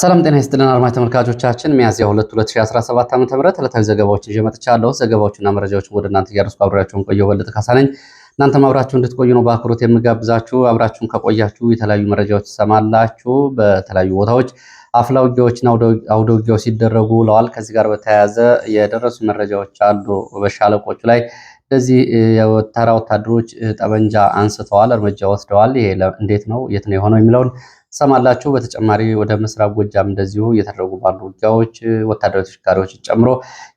ሰላም ጤና ይስጥልን አድማጭ ተመልካቾቻችን፣ ሚያዝያ 2 2017 ም ዕለታዊ ዘገባዎችን ይዤ መጥቻለሁ። ዘገባዎቹና መረጃዎችን ወደ እናንተ እያደረስኩ አብሬያችሁን ቆየሁ። በለጠ ካሳ ነኝ። እናንተም አብራችሁ እንድትቆዩ ነው በአክብሮት የምጋብዛችሁ። አብራችሁን ከቆያችሁ የተለያዩ መረጃዎች ትሰማላችሁ። በተለያዩ ቦታዎች አፍላ ውጊያዎችና አውደ ውጊያዎች ሲደረጉ ውለዋል። ከዚህ ጋር በተያያዘ የደረሱ መረጃዎች አሉ። በሻለቆቹ ላይ እንደዚህ ተራ ወታደሮች ጠመንጃ አንስተዋል፣ እርምጃ ወስደዋል። ይሄ እንዴት ነው? የት ነው የሆነው? የሚለውን ሰማላችሁ። በተጨማሪ ወደ ምስራቅ ጎጃም እንደዚሁ እየተደረጉ ባሉ ውጊያዎች ወታደራዊ ተሽካሪዎችን ጨምሮ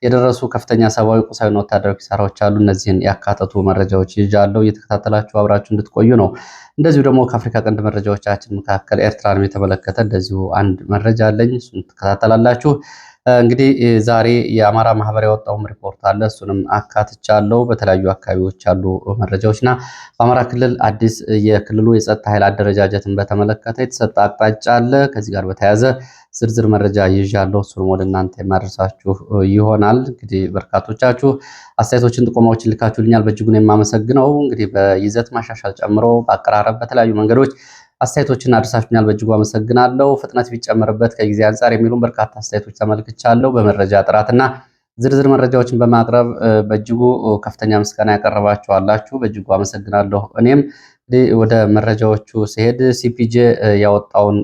የደረሱ ከፍተኛ ሰብአዊ፣ ቁሳዊና ወታደራዊ ኪሳራዎች አሉ። እነዚህን ያካተቱ መረጃዎች ይዣለሁ። እየተከታተላችሁ አብራችሁ እንድትቆዩ ነው። እንደዚሁ ደግሞ ከአፍሪካ ቀንድ መረጃዎቻችን መካከል ኤርትራንም የተመለከተ እንደዚሁ አንድ መረጃ አለኝ። እሱን ትከታተላላችሁ። እንግዲህ ዛሬ የአማራ ማህበር ያወጣውም ሪፖርት አለ። እሱንም አካትቻለሁ። በተለያዩ አካባቢዎች ያሉ መረጃዎች እና በአማራ ክልል አዲስ የክልሉ የጸጥታ ኃይል አደረጃጀትን በተመለከተ የተሰጠ አቅጣጫ አለ። ከዚህ ጋር በተያያዘ ዝርዝር መረጃ ይዣለሁ። እሱንም ወደ እናንተ የማድረሳችሁ ይሆናል። እንግዲህ በርካቶቻችሁ አስተያየቶችን፣ ጥቆማዎችን ልካችሁልኛል። በእጅጉን የማመሰግነው እንግዲህ በይዘት ማሻሻል ጨምሮ በአቀራረብ በተለያዩ መንገዶች አስተያየቶችን አድርሳችሁኛል፣ በእጅጉ አመሰግናለሁ። ፍጥነት ቢጨመርበት ከጊዜ አንጻር የሚሉን በርካታ አስተያየቶች ተመልክቻለሁ። በመረጃ ጥራትና ዝርዝር መረጃዎችን በማቅረብ በእጅጉ ከፍተኛ ምስጋና ያቀረባችሁ አላችሁ፣ በእጅጉ አመሰግናለሁ። እኔም ወደ መረጃዎቹ ሲሄድ ሲፒጄ ያወጣውን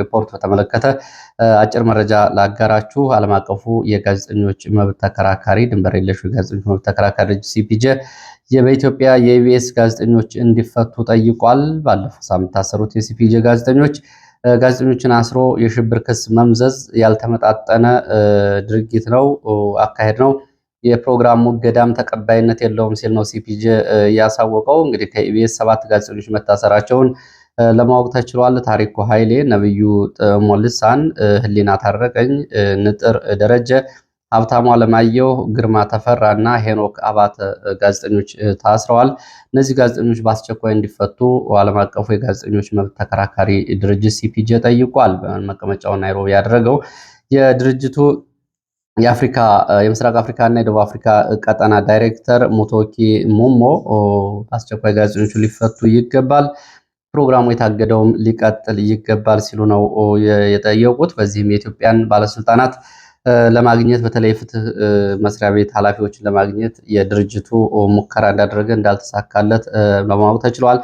ሪፖርት በተመለከተ አጭር መረጃ ላጋራችሁ። ዓለም አቀፉ የጋዜጠኞች መብት ተከራካሪ ድንበር የለሹ የጋዜጠኞች መብት ተከራካሪ ሲፒጄ በኢትዮጵያ የኢቢኤስ ጋዜጠኞች እንዲፈቱ ጠይቋል። ባለፈው ሳምንት ታሰሩት የሲፒጄ ጋዜጠኞች ጋዜጠኞችን አስሮ የሽብር ክስ መምዘዝ ያልተመጣጠነ ድርጊት ነው፣ አካሄድ ነው። የፕሮግራሙ እገዳም ተቀባይነት የለውም ሲል ነው ሲፒጄ እያሳወቀው እንግዲህ ከኢቢኤስ ሰባት ጋዜጠኞች መታሰራቸውን ለማወቅ ተችሏል። ታሪኩ ኃይሌ፣ ነብዩ ሞልሳን፣ ህሊና ታረቀኝ፣ ንጥር ደረጀ ሀብታሙ አለማየሁ፣ ግርማ ተፈራ እና ሄኖክ አባተ ጋዜጠኞች ታስረዋል። እነዚህ ጋዜጠኞች በአስቸኳይ እንዲፈቱ ዓለም አቀፉ የጋዜጠኞች መብት ተከራካሪ ድርጅት ሲፒጄ ጠይቋል። መቀመጫውን ናይሮቢ ያደረገው የድርጅቱ የአፍሪካ የምስራቅ አፍሪካ እና የደቡብ አፍሪካ ቀጠና ዳይሬክተር ሙቶኪ ሙሞ በአስቸኳይ ጋዜጠኞቹ ሊፈቱ ይገባል ፕሮግራሙ የታገደውም ሊቀጥል ይገባል ሲሉ ነው የጠየቁት። በዚህም የኢትዮጵያን ባለስልጣናት ለማግኘት በተለይ ፍትህ መስሪያ ቤት ኃላፊዎችን ለማግኘት የድርጅቱ ሙከራ እንዳደረገ እንዳልተሳካለት ለማወቅ ተችሏል።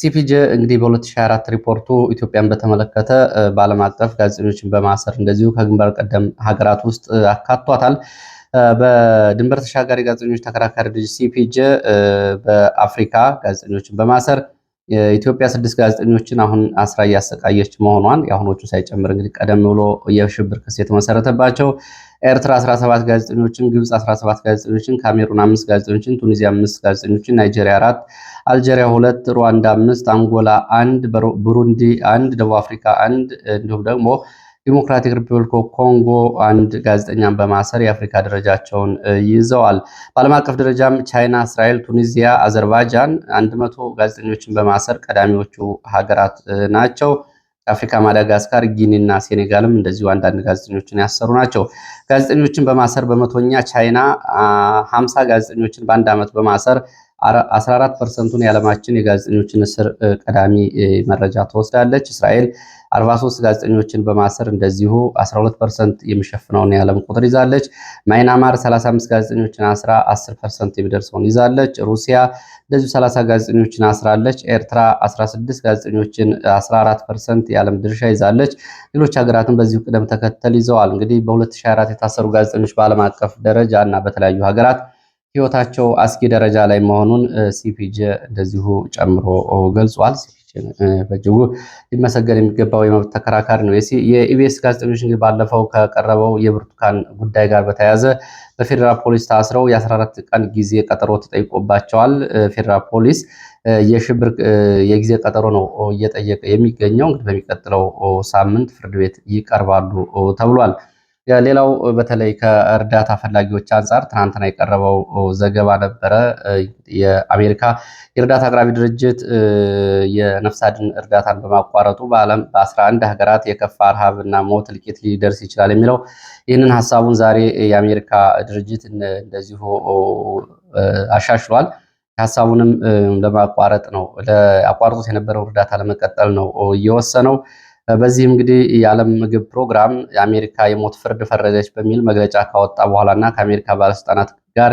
ሲፒጄ እንግዲህ በ2024 ሪፖርቱ ኢትዮጵያን በተመለከተ በዓለም አቀፍ ጋዜጠኞችን በማሰር እንደዚሁ ከግንባር ቀደም ሀገራት ውስጥ አካቷታል። በድንበር ተሻጋሪ ጋዜጠኞች ተከራካሪ ድርጅት ሲፒጄ በአፍሪካ ጋዜጠኞችን በማሰር ኢትዮጵያ ስድስት ጋዜጠኞችን አሁን አስራ እያሰቃየች መሆኗን የአሁኖቹ ሳይጨምር እንግዲህ ቀደም ብሎ የሽብር ክስ የተመሰረተባቸው ኤርትራ 17 ጋዜጠኞችን፣ ግብፅ 17 ጋዜጠኞችን፣ ካሜሩን አምስት ጋዜጠኞችን፣ ቱኒዚያ አምስት ጋዜጠኞችን፣ ናይጄሪያ አራት፣ አልጄሪያ ሁለት፣ ሩዋንዳ አምስት፣ አንጎላ አንድ፣ ብሩንዲ አንድ፣ ደቡብ አፍሪካ አንድ እንዲሁም ደግሞ ዲሞክራቲክ ሪፐብሊክ ኦፍ ኮንጎ አንድ ጋዜጠኛን በማሰር የአፍሪካ ደረጃቸውን ይዘዋል። በዓለም አቀፍ ደረጃም ቻይና፣ እስራኤል፣ ቱኒዚያ፣ አዘርባይጃን አንድ መቶ ጋዜጠኞችን በማሰር ቀዳሚዎቹ ሀገራት ናቸው። አፍሪካ ማዳጋስካር፣ ጊኒ እና ሴኔጋልም እንደዚሁ አንዳንድ ጋዜጠኞችን ያሰሩ ናቸው። ጋዜጠኞችን በማሰር በመቶኛ ቻይና ሀምሳ ጋዜጠኞችን በአንድ ዓመት በማሰር 14 ፐርሰንቱን የዓለማችን የጋዜጠኞችን እስር ቀዳሚ መረጃ ትወስዳለች። እስራኤል 43 ጋዜጠኞችን በማሰር እንደዚሁ 12 ፐርሰንት የሚሸፍነውን የዓለም ቁጥር ይዛለች። ማይናማር 35 ጋዜጠኞችን አስራ 10 ፐርሰንት የሚደርሰውን ይዛለች። ሩሲያ እንደዚሁ 30 ጋዜጠኞችን አስራለች። ኤርትራ 16 ጋዜጠኞችን 14 ፐርሰንት የዓለም ድርሻ ይዛለች። ሌሎች ሀገራትም በዚሁ ቅደም ተከተል ይዘዋል። እንግዲህ በ2024 የታሰሩ ጋዜጠኞች በዓለም አቀፍ ደረጃ እና በተለያዩ ሀገራት ህይወታቸው አስጊ ደረጃ ላይ መሆኑን ሲፒጄ እንደዚሁ ጨምሮ ገልጿል። በእጅጉ ሊመሰገን የሚገባው የመብት ተከራካሪ ነው። የኢቢኤስ ጋዜጠኞች እንግዲህ ባለፈው ከቀረበው የብርቱካን ጉዳይ ጋር በተያያዘ በፌዴራል ፖሊስ ታስረው የ14 ቀን ጊዜ ቀጠሮ ተጠይቆባቸዋል። ፌዴራል ፖሊስ የሽብር የጊዜ ቀጠሮ ነው እየጠየቀ የሚገኘው። እንግዲህ በሚቀጥለው ሳምንት ፍርድ ቤት ይቀርባሉ ተብሏል። ሌላው በተለይ ከእርዳታ ፈላጊዎች አንጻር ትናንትና የቀረበው ዘገባ ነበረ። የአሜሪካ የእርዳታ አቅራቢ ድርጅት የነፍስ አድን እርዳታን በማቋረጡ በዓለም በ11 ሀገራት የከፋ እና ሞት እልቂት ሊደርስ ይችላል የሚለው ይህንን ሀሳቡን ዛሬ የአሜሪካ ድርጅት እንደዚሁ አሻሽሏል። ሀሳቡንም ለማቋረጥ ነው፣ ለአቋርጦት የነበረው እርዳታ ለመቀጠል ነው እየወሰነው። በዚህም እንግዲህ የዓለም ምግብ ፕሮግራም የአሜሪካ የሞት ፍርድ ፈረደች በሚል መግለጫ ካወጣ በኋላ እና ከአሜሪካ ባለስልጣናት ጋር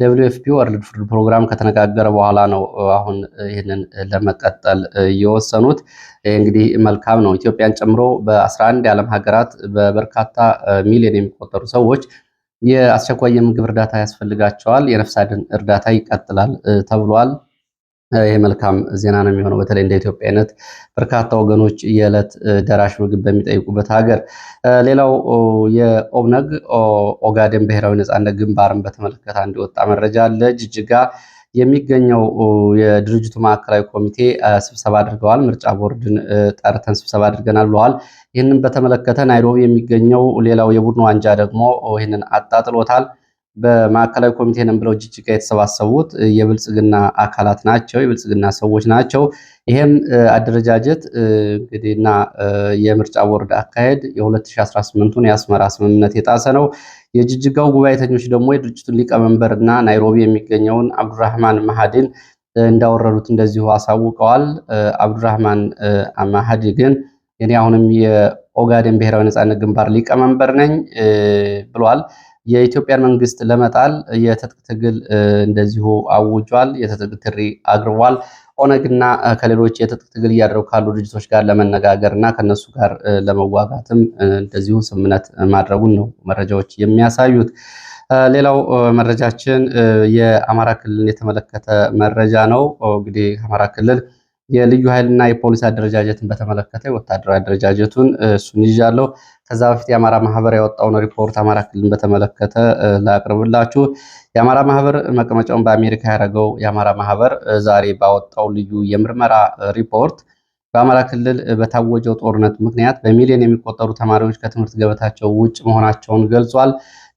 ደብሊው ኤፍ ፒ ወርልድ ፉድ ፕሮግራም ከተነጋገረ በኋላ ነው አሁን ይህንን ለመቀጠል የወሰኑት። እንግዲህ መልካም ነው። ኢትዮጵያን ጨምሮ በ11 የዓለም ሀገራት በበርካታ ሚሊዮን የሚቆጠሩ ሰዎች የአስቸኳይ የምግብ እርዳታ ያስፈልጋቸዋል። የነፍስ አድን እርዳታ ይቀጥላል ተብሏል። ይህ መልካም ዜና ነው የሚሆነው በተለይ እንደ ኢትዮጵያ አይነት በርካታ ወገኖች የዕለት ደራሽ ምግብ በሚጠይቁበት ሀገር። ሌላው የኦብነግ ኦጋዴን ብሔራዊ ነፃነት ግንባርን በተመለከተ አንድ ወጣ መረጃ አለ። ጅጅጋ የሚገኘው የድርጅቱ ማዕከላዊ ኮሚቴ ስብሰባ አድርገዋል። ምርጫ ቦርድን ጠርተን ስብሰባ አድርገናል ብለዋል። ይህንን በተመለከተ ናይሮቢ የሚገኘው ሌላው የቡድኑ አንጃ ደግሞ ይህንን አጣጥሎታል። በማዕከላዊ ኮሚቴ ነን ብለው ጅጅጋ የተሰባሰቡት የብልጽግና አካላት ናቸው፣ የብልጽግና ሰዎች ናቸው። ይሄም አደረጃጀት እንግዲህና የምርጫ ቦርድ አካሄድ የ2018ቱን የአስመራ ስምምነት የጣሰ ነው። የጅጅጋው ጉባኤተኞች ደግሞ የድርጅቱን ሊቀመንበር እና ናይሮቢ የሚገኘውን አብዱራህማን ማሃዲን እንዳወረዱት እንደዚሁ አሳውቀዋል። አብዱራህማን ማሃዲ ግን እኔ አሁንም የኦጋዴን ብሔራዊ ነፃነት ግንባር ሊቀመንበር ነኝ ብሏል። የኢትዮጵያን መንግስት ለመጣል የትጥቅ ትግል እንደዚሁ አውጇል። የትጥቅ ትሪ አቅርቧል። ኦነግና ከሌሎች የትጥቅ ትግል እያደረጉ ካሉ ድርጅቶች ጋር ለመነጋገር እና ከነሱ ጋር ለመዋጋትም እንደዚሁ ስምምነት ማድረጉን ነው መረጃዎች የሚያሳዩት። ሌላው መረጃችን የአማራ ክልልን የተመለከተ መረጃ ነው። እንግዲህ አማራ ክልል የልዩ ኃይልና የፖሊስ አደረጃጀትን በተመለከተ ወታደራዊ አደረጃጀቱን እሱን ይዣለሁ። ከዛ በፊት የአማራ ማህበር ያወጣውን ሪፖርት አማራ ክልልን በተመለከተ ላቅርብላችሁ። የአማራ ማህበር መቀመጫውን በአሜሪካ ያደረገው የአማራ ማህበር ዛሬ ባወጣው ልዩ የምርመራ ሪፖርት በአማራ ክልል በታወጀው ጦርነት ምክንያት በሚሊዮን የሚቆጠሩ ተማሪዎች ከትምህርት ገበታቸው ውጭ መሆናቸውን ገልጿል።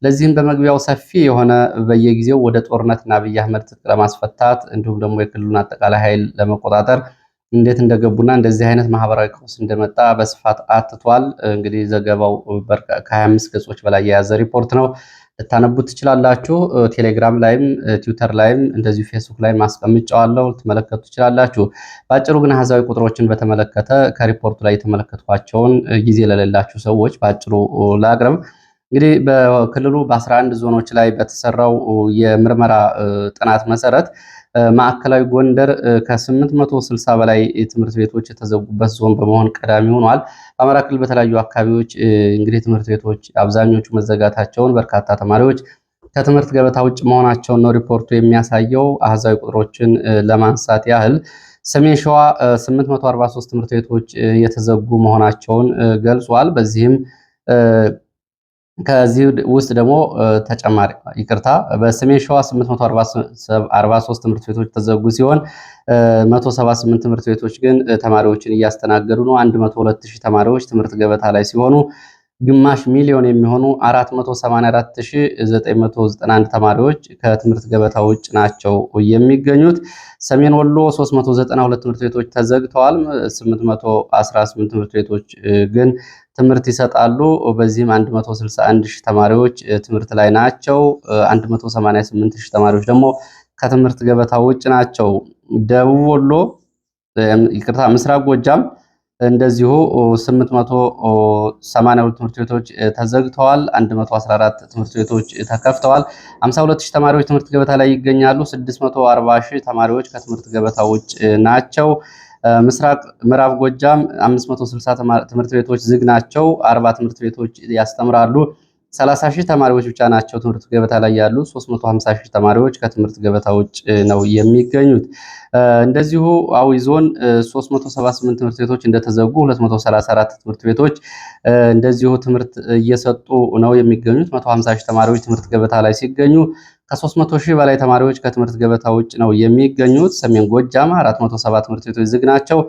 ለዚህም በመግቢያው ሰፊ የሆነ በየጊዜው ወደ ጦርነትና አብይ አህመድ ትጥቅ ለማስፈታት እንዲሁም ደግሞ የክልሉን አጠቃላይ ኃይል ለመቆጣጠር እንዴት እንደገቡና እንደዚህ አይነት ማህበራዊ ቀውስ እንደመጣ በስፋት አትቷል። እንግዲህ ዘገባው ከ25 ገጾች በላይ የያዘ ሪፖርት ነው። ልታነቡት ትችላላችሁ። ቴሌግራም ላይም ትዊተር ላይም እንደዚሁ ፌስቡክ ላይ ማስቀምጫዋለው ልትመለከቱ ትችላላችሁ። በአጭሩ ግን አሃዛዊ ቁጥሮችን በተመለከተ ከሪፖርቱ ላይ የተመለከትኳቸውን ጊዜ ለሌላችሁ ሰዎች በአጭሩ ላቅርብ። እንግዲህ በክልሉ በ11 ዞኖች ላይ በተሰራው የምርመራ ጥናት መሰረት ማዕከላዊ ጎንደር ከ860 በላይ ትምህርት ቤቶች የተዘጉበት ዞን በመሆን ቀዳሚ ሆኗል። በአማራ ክልል በተለያዩ አካባቢዎች እንግዲህ ትምህርት ቤቶች አብዛኞቹ መዘጋታቸውን፣ በርካታ ተማሪዎች ከትምህርት ገበታ ውጭ መሆናቸውን ነው ሪፖርቱ የሚያሳየው። አህዛዊ ቁጥሮችን ለማንሳት ያህል ሰሜን ሸዋ 843 ትምህርት ቤቶች የተዘጉ መሆናቸውን ገልጿል። በዚህም ከዚህ ውስጥ ደግሞ ተጨማሪ ይቅርታ በሰሜን ሸዋ 843 ትምህርት ቤቶች ተዘጉ ሲሆን 178 ትምህርት ቤቶች ግን ተማሪዎችን እያስተናገዱ ነው። 102000 ተማሪዎች ትምህርት ገበታ ላይ ሲሆኑ ግማሽ ሚሊዮን የሚሆኑ 484991 ተማሪዎች ከትምህርት ገበታ ውጭ ናቸው የሚገኙት። ሰሜን ወሎ 392 ትምህርት ቤቶች ተዘግተዋል። 818 ትምህርት ቤቶች ግን ትምህርት ይሰጣሉ። በዚህም 161 ሺህ ተማሪዎች ትምህርት ላይ ናቸው። 188 ሺህ ተማሪዎች ደግሞ ከትምህርት ገበታ ውጭ ናቸው። ደቡብ ወሎ ይቅርታ፣ ምስራቅ ጎጃም እንደዚሁ 882 ትምህርት ቤቶች ተዘግተዋል። 114 ትምህርት ቤቶች ተከፍተዋል። 52 ሺህ ተማሪዎች ትምህርት ገበታ ላይ ይገኛሉ። 640 ሺህ ተማሪዎች ከትምህርት ገበታ ውጭ ናቸው። ምስራቅ ምዕራብ ጎጃም 560 ትምህርት ቤቶች ዝግ ናቸው። 40 ትምህርት ቤቶች ያስተምራሉ። 30 ሺህ ተማሪዎች ብቻ ናቸው ትምህርት ገበታ ላይ ያሉ። 350 ሺህ ተማሪዎች ከትምህርት ገበታ ውጭ ነው የሚገኙት። እንደዚሁ አዊ ዞን 378 ትምህርት ቤቶች እንደተዘጉ፣ 234 ትምህርት ቤቶች እንደዚሁ ትምህርት እየሰጡ ነው የሚገኙት። 150 ሺህ ተማሪዎች ትምህርት ገበታ ላይ ሲገኙ ከ300 ሺህ በላይ ተማሪዎች ከትምህርት ገበታ ውጭ ነው የሚገኙት። ሰሜን ጎጃም 407 ትምህርት ቤቶች ዝግ ናቸው።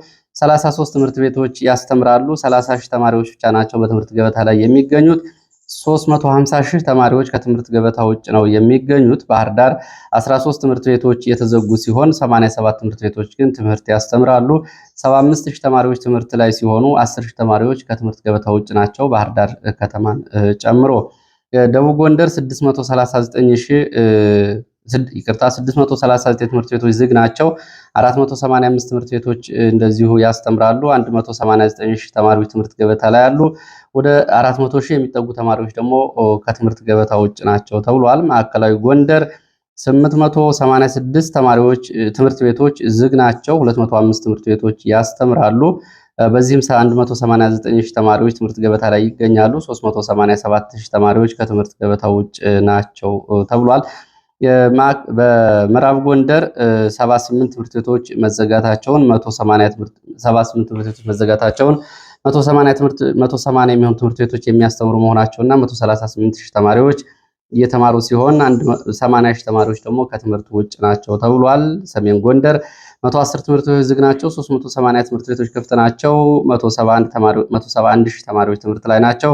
33 ትምህርት ቤቶች ያስተምራሉ። 30 ሺህ ተማሪዎች ብቻ ናቸው በትምህርት ገበታ ላይ የሚገኙት። 350 ሺህ ተማሪዎች ከትምህርት ገበታ ውጭ ነው የሚገኙት። ባህር ዳር 13 ትምህርት ቤቶች የተዘጉ ሲሆን 87 ትምህርት ቤቶች ግን ትምህርት ያስተምራሉ። 75 ሺህ ተማሪዎች ትምህርት ላይ ሲሆኑ 10 ሺህ ተማሪዎች ከትምህርት ገበታ ውጭ ናቸው ባህር ዳር ከተማን ጨምሮ የደቡብ ጎንደር 639 ይቅርታ 639 ትምህርት ቤቶች ዝግ ናቸው። 485 ትምህርት ቤቶች እንደዚሁ ያስተምራሉ። 189 ተማሪዎች ትምህርት ገበታ ላይ አሉ። ወደ 400 ሺህ የሚጠጉ ተማሪዎች ደግሞ ከትምህርት ገበታ ውጭ ናቸው ተብሏል። ማዕከላዊ ጎንደር 886 ተማሪዎች ትምህርት ቤቶች ዝግ ናቸው። 205 ትምህርት ቤቶች ያስተምራሉ። በዚህም 189 ሺህ ተማሪዎች ትምህርት ገበታ ላይ ይገኛሉ። 387 ሺህ ተማሪዎች ከትምህርት ገበታ ውጭ ናቸው ተብሏል። በምዕራብ ጎንደር 78 ትምህርት ቤቶች መዘጋታቸውን 78 ትምህርት ቤቶች መዘጋታቸውን 180 የሚሆኑ ትምህርት ቤቶች የሚያስተምሩ መሆናቸውና 138 ሺህ ተማሪዎች እየተማሩ ሲሆን 80 ሺህ ተማሪዎች ደግሞ ከትምህርት ውጭ ናቸው ተብሏል። ሰሜን ጎንደር 110 ትምህርት ቤቶች ዝግ ናቸው። 380 ትምህርት ቤቶች ክፍት ናቸው። 171 ሺህ ተማሪዎች ትምህርት ላይ ናቸው።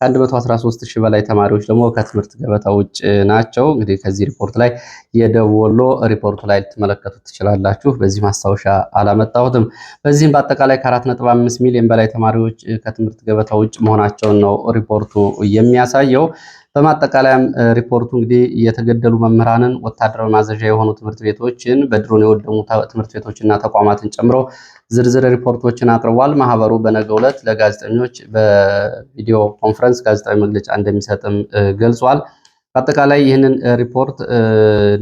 ከ113 ሺህ በላይ ተማሪዎች ደግሞ ከትምህርት ገበታ ውጭ ናቸው። እንግዲህ ከዚህ ሪፖርት ላይ የደቡብ ወሎ ሪፖርቱ ላይ ልትመለከቱት ትችላላችሁ። በዚህ ማስታወሻ አላመጣሁትም። በዚህም በአጠቃላይ ከ4.5 ሚሊዮን በላይ ተማሪዎች ከትምህርት ገበታ ውጭ መሆናቸውን ነው ሪፖርቱ የሚያሳየው። በማጠቃለያም ሪፖርቱ እንግዲህ የተገደሉ መምህራንን ወታደራዊ ማዘዣ የሆኑ ትምህርት ቤቶችን በድሮን የወደሙ ትምህርት ቤቶችና ተቋማትን ጨምሮ ዝርዝር ሪፖርቶችን አቅርቧል። ማህበሩ በነገ ዕለት ለጋዜጠኞች በቪዲዮ ኮንፈረንስ ጋዜጣዊ መግለጫ እንደሚሰጥም ገልጿል። በአጠቃላይ ይህንን ሪፖርት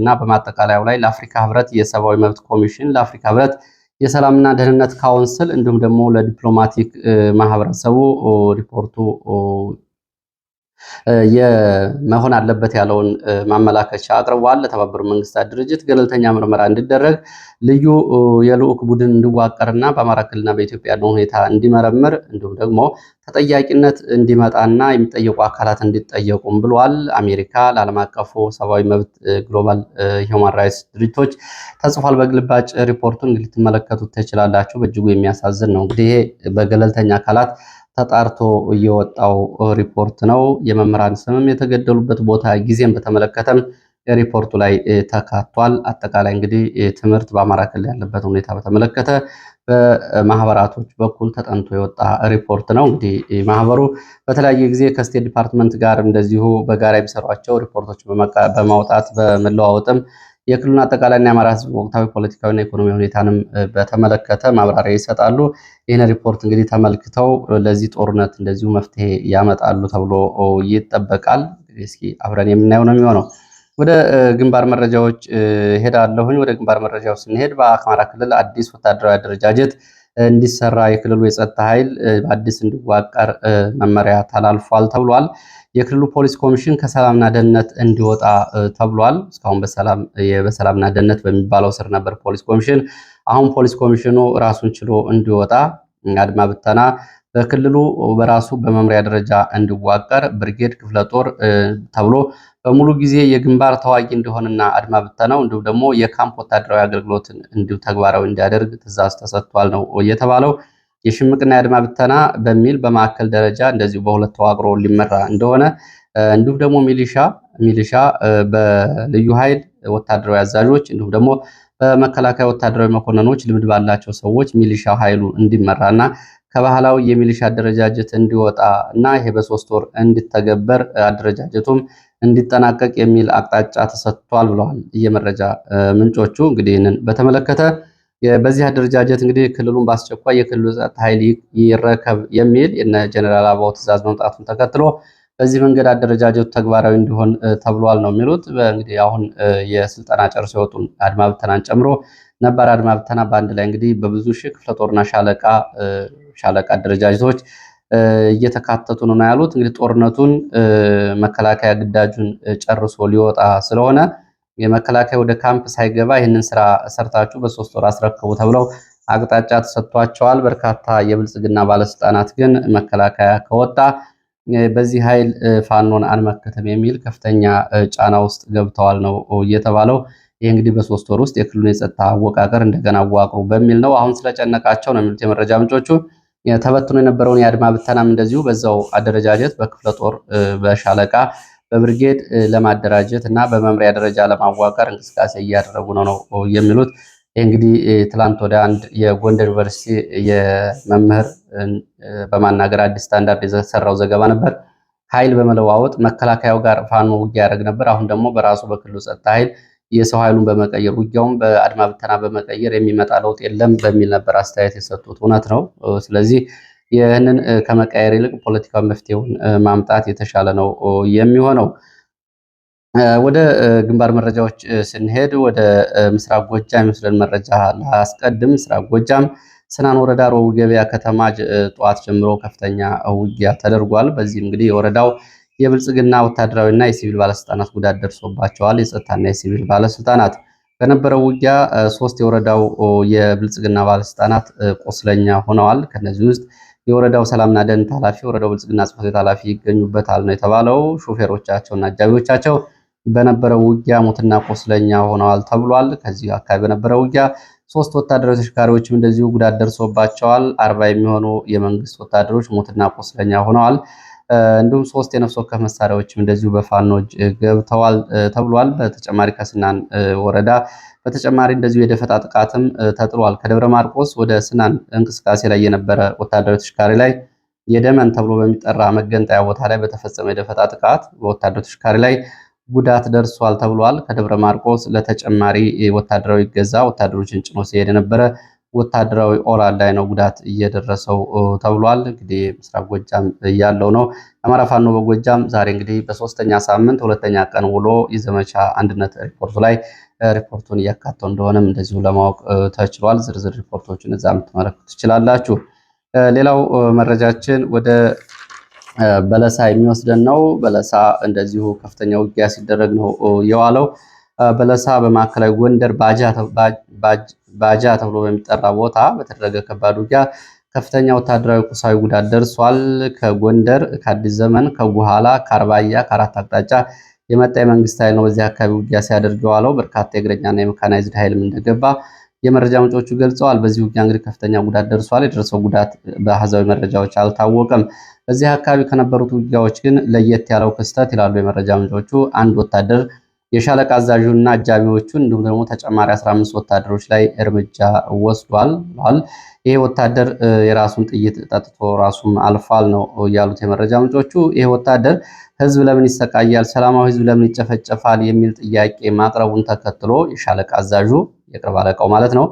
እና በማጠቃለያው ላይ ለአፍሪካ ህብረት የሰብአዊ መብት ኮሚሽን፣ ለአፍሪካ ህብረት የሰላምና ደህንነት ካውንስል እንዲሁም ደግሞ ለዲፕሎማቲክ ማህበረሰቡ ሪፖርቱ መሆን አለበት ያለውን ማመላከቻ አቅርቧል። ለተባበሩ መንግስታት ድርጅት ገለልተኛ ምርመራ እንዲደረግ ልዩ የልዑክ ቡድን እንዲዋቀርና በአማራ ክልልና በኢትዮጵያ ያለውን ሁኔታ እንዲመረምር እንዲሁም ደግሞ ተጠያቂነት እንዲመጣና የሚጠየቁ አካላት እንዲጠየቁም ብሏል። አሜሪካ ለዓለም አቀፉ ሰብአዊ መብት ግሎባል ሂውማን ራይትስ ድርጅቶች ተጽፏል። በግልባጭ ሪፖርቱን እንግዲህ ልትመለከቱት ትችላላችሁ። በእጅጉ የሚያሳዝን ነው። እንግዲህ ይሄ በገለልተኛ አካላት ተጣርቶ እየወጣው ሪፖርት ነው። የመምህራን ስምም የተገደሉበት ቦታ ጊዜም በተመለከተም ሪፖርቱ ላይ ተካቷል። አጠቃላይ እንግዲህ ትምህርት በአማራ ክልል ያለበት ሁኔታ በተመለከተ በማህበራቶች በኩል ተጠንቶ የወጣ ሪፖርት ነው። እንግዲህ ማህበሩ በተለያየ ጊዜ ከስቴት ዲፓርትመንት ጋር እንደዚሁ በጋራ የሚሰሯቸው ሪፖርቶች በማውጣት በመለዋወጥም የክልሉን አጠቃላይና የአማራ ህዝብ ወቅታዊ ፖለቲካዊና ኢኮኖሚ ሁኔታንም በተመለከተ ማብራሪያ ይሰጣሉ። ይህን ሪፖርት እንግዲህ ተመልክተው ለዚህ ጦርነት እንደዚሁ መፍትሄ ያመጣሉ ተብሎ ይጠበቃል። እስኪ አብረን የምናየው ነው የሚሆነው። ወደ ግንባር መረጃዎች ሄዳለሁኝ። ወደ ግንባር መረጃዎች ስንሄድ በአማራ ክልል አዲስ ወታደራዊ አደረጃጀት እንዲሰራ የክልሉ የጸጥታ ኃይል በአዲስ እንዲዋቀር መመሪያ ተላልፏል ተብሏል። የክልሉ ፖሊስ ኮሚሽን ከሰላምና ደህንነት እንዲወጣ ተብሏል። እስካሁን በሰላምና ደህንነት በሚባለው ስር ነበር ፖሊስ ኮሚሽን። አሁን ፖሊስ ኮሚሽኑ ራሱን ችሎ እንዲወጣ አድማ ብተና በክልሉ በራሱ በመምሪያ ደረጃ እንዲዋቀር ብርጌድ ክፍለ ጦር ተብሎ በሙሉ ጊዜ የግንባር ተዋጊ እንደሆነና አድማ ብተናው እንዲሁም ደግሞ የካምፕ ወታደራዊ አገልግሎትን እንዲሁ ተግባራዊ እንዲያደርግ ትእዛዝ ተሰጥቷል ነው የተባለው። የሽምቅና የአድማ ብተና በሚል በማዕከል ደረጃ እንደዚሁ በሁለት ተዋቅሮ ሊመራ እንደሆነ እንዲሁም ደግሞ ሚሊሻ ሚሊሻ በልዩ ኃይል ወታደራዊ አዛዦች እንዲሁም ደግሞ በመከላከያ ወታደራዊ መኮንኖች ልምድ ባላቸው ሰዎች ሚሊሻ ኃይሉ እንዲመራና ከባህላዊ የሚሊሻ አደረጃጀት እንዲወጣ እና ይሄ በሶስት ወር እንዲተገበር አደረጃጀቱም እንዲጠናቀቅ የሚል አቅጣጫ ተሰጥቷል ብለዋል የመረጃ ምንጮቹ። እንግዲህ ይህንን በተመለከተ በዚህ አደረጃጀት እንግዲህ ክልሉን በአስቸኳይ የክልሉ ጸጥታ ኃይል ይረከብ የሚል የነ ጀኔራል አበባው ትእዛዝ መምጣቱን ተከትሎ በዚህ መንገድ አደረጃጀቱ ተግባራዊ እንዲሆን ተብሏል ነው የሚሉት። እንግዲህ አሁን የስልጠና ጨርሶ የወጡን አድማ ብተናን ጨምሮ ነባር አድማ ብተና በአንድ ላይ እንግዲህ በብዙ ሺህ ክፍለ ጦርና ሻለቃ ሻለቃ አደረጃጀቶች እየተካተቱ ነው ያሉት። እንግዲህ ጦርነቱን መከላከያ ግዳጁን ጨርሶ ሊወጣ ስለሆነ የመከላከያ ወደ ካምፕ ሳይገባ ይህንን ስራ ሰርታችሁ በሶስት ወር አስረክቡ ተብለው አቅጣጫ ተሰጥቷቸዋል። በርካታ የብልጽግና ባለስልጣናት ግን መከላከያ ከወጣ በዚህ ኃይል ፋኖን አንመክትም የሚል ከፍተኛ ጫና ውስጥ ገብተዋል ነው እየተባለው። ይህ እንግዲህ በሶስት ወር ውስጥ የክልሉን የጸጥታ አወቃቀር እንደገና አዋቅሩ በሚል ነው። አሁን ስለጨነቃቸው ነው የሚሉት የመረጃ ምንጮቹ። ተበትኖ የነበረውን የአድማ ብተናም እንደዚሁ በዛው አደረጃጀት በክፍለ ጦር፣ በሻለቃ፣ በብርጌድ ለማደራጀት እና በመምሪያ ደረጃ ለማዋቀር እንቅስቃሴ እያደረጉ ነው ነው የሚሉት። ይህ እንግዲህ ትላንት ወደ አንድ የጎንደር ዩኒቨርሲቲ የመምህር በማናገር አዲስ ስታንዳርድ የተሰራው ዘገባ ነበር። ኃይል በመለዋወጥ መከላከያው ጋር ፋኖ ውጊያ ያደረግ ነበር። አሁን ደግሞ በራሱ በክልሉ ጸጥታ ኃይል የሰው ኃይሉን በመቀየር ውጊያውን በአድማ ብተና በመቀየር የሚመጣ ለውጥ የለም በሚል ነበር አስተያየት የሰጡት። እውነት ነው። ስለዚህ ይህንን ከመቀየር ይልቅ ፖለቲካዊ መፍትሄውን ማምጣት የተሻለ ነው የሚሆነው። ወደ ግንባር መረጃዎች ስንሄድ ወደ ምስራቅ ጎጃም የመስለን መረጃ ላስቀድም። ምስራቅ ጎጃም ስናን ወረዳ ሮቡ ገበያ ከተማ ጠዋት ጀምሮ ከፍተኛ ውጊያ ተደርጓል። በዚህ እንግዲህ የወረዳው የብልጽግና ወታደራዊና የሲቪል ባለስልጣናት ጉዳት ደርሶባቸዋል። የጸጥታና የሲቪል ባለስልጣናት በነበረው ውጊያ ሶስት የወረዳው የብልጽግና ባለስልጣናት ቁስለኛ ሆነዋል። ከነዚህ ውስጥ የወረዳው ሰላምና ደህንነት ኃላፊ፣ ወረዳው ብልጽግና ጽሕፈት ቤት ኃላፊ ይገኙበታል ነው የተባለው። ሾፌሮቻቸውና አጃቢዎቻቸው በነበረው ውጊያ ሞትና ቁስለኛ ሆነዋል ተብሏል። ከዚህ አካባቢ በነበረው ውጊያ ሶስት ወታደራዊ ተሽከርካሪዎችም እንደዚሁ ጉዳት ደርሶባቸዋል። አርባ የሚሆኑ የመንግስት ወታደሮች ሞትና ቁስለኛ ሆነዋል። እንዲሁም ሶስት የነፍስ ወከፍ መሳሪያዎችም እንደዚሁ በፋኖች ገብተዋል ተብሏል። በተጨማሪ ከስናን ወረዳ በተጨማሪ እንደዚሁ የደፈጣ ጥቃትም ተጥሏል። ከደብረ ማርቆስ ወደ ስናን እንቅስቃሴ ላይ የነበረ ወታደራዊ ተሽካሪ ላይ የደመን ተብሎ በሚጠራ መገንጠያ ቦታ ላይ በተፈጸመ የደፈጣ ጥቃት በወታደራዊ ተሽካሪ ላይ ጉዳት ደርሷል ተብሏል። ከደብረ ማርቆስ ለተጨማሪ ወታደራዊ ገዛ ወታደሮችን ጭኖ ሲሄድ የነበረ ወታደራዊ ኦራል ላይ ነው ጉዳት እየደረሰው ተብሏል። እንግዲህ ምስራቅ ጎጃም ያለው ነው። የአማራ ፋኖ በጎጃም ዛሬ እንግዲህ በሶስተኛ ሳምንት ሁለተኛ ቀን ውሎ የዘመቻ አንድነት ሪፖርቱ ላይ ሪፖርቱን እያካተው እንደሆነም እንደዚሁ ለማወቅ ተችሏል። ዝርዝር ሪፖርቶችን እዛ ምትመለከቱ ትችላላችሁ። ሌላው መረጃችን ወደ በለሳ የሚወስደን ነው። በለሳ እንደዚሁ ከፍተኛ ውጊያ ሲደረግ ነው የዋለው። በለሳ በማዕከላዊ ጎንደር ባጃ ተብሎ በሚጠራ ቦታ በተደረገ ከባድ ውጊያ ከፍተኛ ወታደራዊ ቁሳዊ ጉዳት ደርሷል። ከጎንደር፣ ከአዲስ ዘመን፣ ከጉኋላ፣ ከአርባያ፣ ከአራት አቅጣጫ የመጣ የመንግስት ኃይል ነው በዚህ አካባቢ ውጊያ ሲያደርግ የዋለው። በርካታ የእግረኛና የመካናይዝድ ኃይልም እንደገባ የመረጃ ምንጮቹ ገልጸዋል። በዚህ ውጊያ እንግዲህ ከፍተኛ ጉዳት ደርሷል። የደረሰው ጉዳት በአሃዛዊ መረጃዎች አልታወቀም። በዚህ አካባቢ ከነበሩት ውጊያዎች ግን ለየት ያለው ክስተት ይላሉ የመረጃ ምንጮቹ አንድ ወታደር የሻለቃ አዛዡ እና አጃቢዎቹ እንዲሁም ደግሞ ተጨማሪ 15 ወታደሮች ላይ እርምጃ ወስዷል። ይሄ ወታደር የራሱን ጥይት ጠጥቶ ራሱን አልፏል ነው ያሉት የመረጃ ምንጮቹ። ይሄ ወታደር ህዝብ ለምን ይሰቃያል፣ ሰላማዊ ህዝብ ለምን ይጨፈጨፋል የሚል ጥያቄ ማቅረቡን ተከትሎ የሻለቃ አዛዡ የቅርብ አለቃው ማለት ነው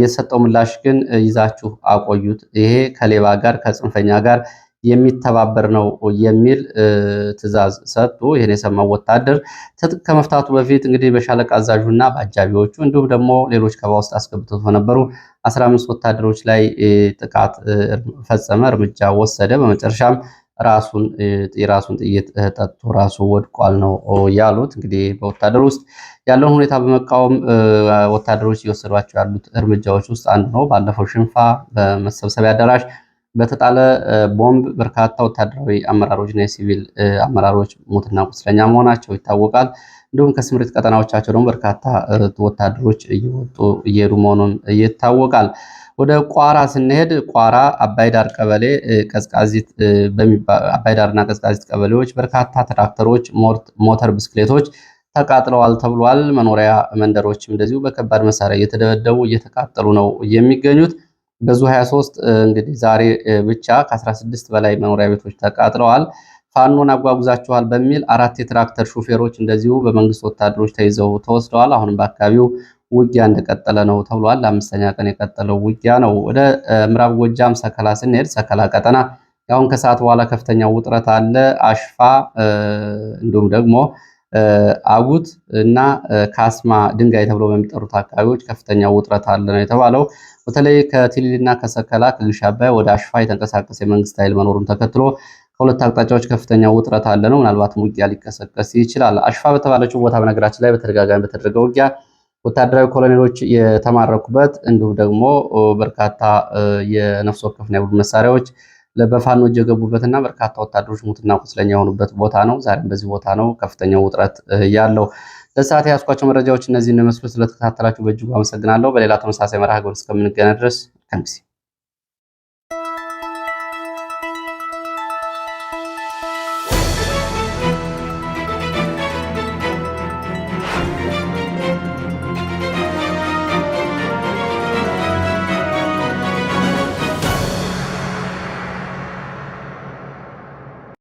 የተሰጠው ምላሽ ግን ይዛችሁ አቆዩት፣ ይሄ ከሌባ ጋር ከጽንፈኛ ጋር የሚተባበር ነው የሚል ትዕዛዝ ሰጡ። ይህን የሰማው ወታደር ትጥቅ ከመፍታቱ በፊት እንግዲህ በሻለቃ አዛዡ እና በአጃቢዎቹ እንዲሁም ደግሞ ሌሎች ከባ ውስጥ አስገብቶት በነበሩ አስራ ወታደሮች ላይ ጥቃት ፈጸመ፣ እርምጃ ወሰደ። በመጨረሻም ራሱን የራሱን ጥይት ጠጥቶ ራሱ ወድቋል ነው ያሉት። እንግዲህ በወታደር ውስጥ ያለውን ሁኔታ በመቃወም ወታደሮች እየወሰዷቸው ያሉት እርምጃዎች ውስጥ አንዱ ነው። ባለፈው ሽንፋ በመሰብሰቢያ አዳራሽ በተጣለ ቦምብ በርካታ ወታደራዊ አመራሮች እና የሲቪል አመራሮች ሞትና ቁስለኛ መሆናቸው ይታወቃል። እንዲሁም ከስምሪት ቀጠናዎቻቸው ደግሞ በርካታ ወታደሮች እየወጡ እየሄዱ መሆኑን ይታወቃል። ወደ ቋራ ስንሄድ ቋራ አባይዳር ቀበሌ ቀዝቃዚት አባይዳርና ቀዝቃዚት ቀበሌዎች በርካታ ትራክተሮች፣ ሞተር ብስክሌቶች ተቃጥለዋል ተብሏል። መኖሪያ መንደሮችም እንደዚሁ በከባድ መሳሪያ እየተደበደቡ እየተቃጠሉ ነው የሚገኙት። በዙ 23 እንግዲህ ዛሬ ብቻ ከ16 በላይ መኖሪያ ቤቶች ተቃጥለዋል። ፋኖን አጓጉዛችኋል በሚል አራት የትራክተር ሹፌሮች እንደዚሁ በመንግስት ወታደሮች ተይዘው ተወስደዋል። አሁንም በአካባቢው ውጊያ እንደቀጠለ ነው ተብሏል። ለአምስተኛ ቀን የቀጠለው ውጊያ ነው። ወደ ምዕራብ ጎጃም ሰከላ ስንሄድ ሰከላ ቀጠና አሁን ከሰዓት በኋላ ከፍተኛ ውጥረት አለ። አሽፋ እንዲሁም ደግሞ አጉት እና ካስማ ድንጋይ ተብሎ በሚጠሩት አካባቢዎች ከፍተኛ ውጥረት አለ ነው የተባለው። በተለይ ከቲሊሊና ከሰከላ ከግሽ አባይ ወደ አሽፋ የተንቀሳቀሰ የመንግስት ኃይል መኖሩን ተከትሎ ከሁለት አቅጣጫዎች ከፍተኛ ውጥረት አለ ነው። ምናልባትም ውጊያ ሊቀሰቀስ ይችላል። አሽፋ በተባለችው ቦታ በነገራችን ላይ በተደጋጋሚ በተደረገ ውጊያ ወታደራዊ ኮሎኔሎች የተማረኩበት እንዲሁም ደግሞ በርካታ የነፍስ ወከፍና የቡድን መሳሪያዎች በፋኖ እጅ የገቡበትና በርካታ ወታደሮች ሙትና ቁስለኛ የሆኑበት ቦታ ነው። ዛሬም በዚህ ቦታ ነው ከፍተኛው ውጥረት ያለው። ለሰዓት የያዝኳቸው መረጃዎች እነዚህን መስሉ። ስለተከታተላችሁ በእጅጉ አመሰግናለሁ። በሌላ ተመሳሳይ መርሃ ግብር እስከምንገናኝ ድረስ ከንጊዜ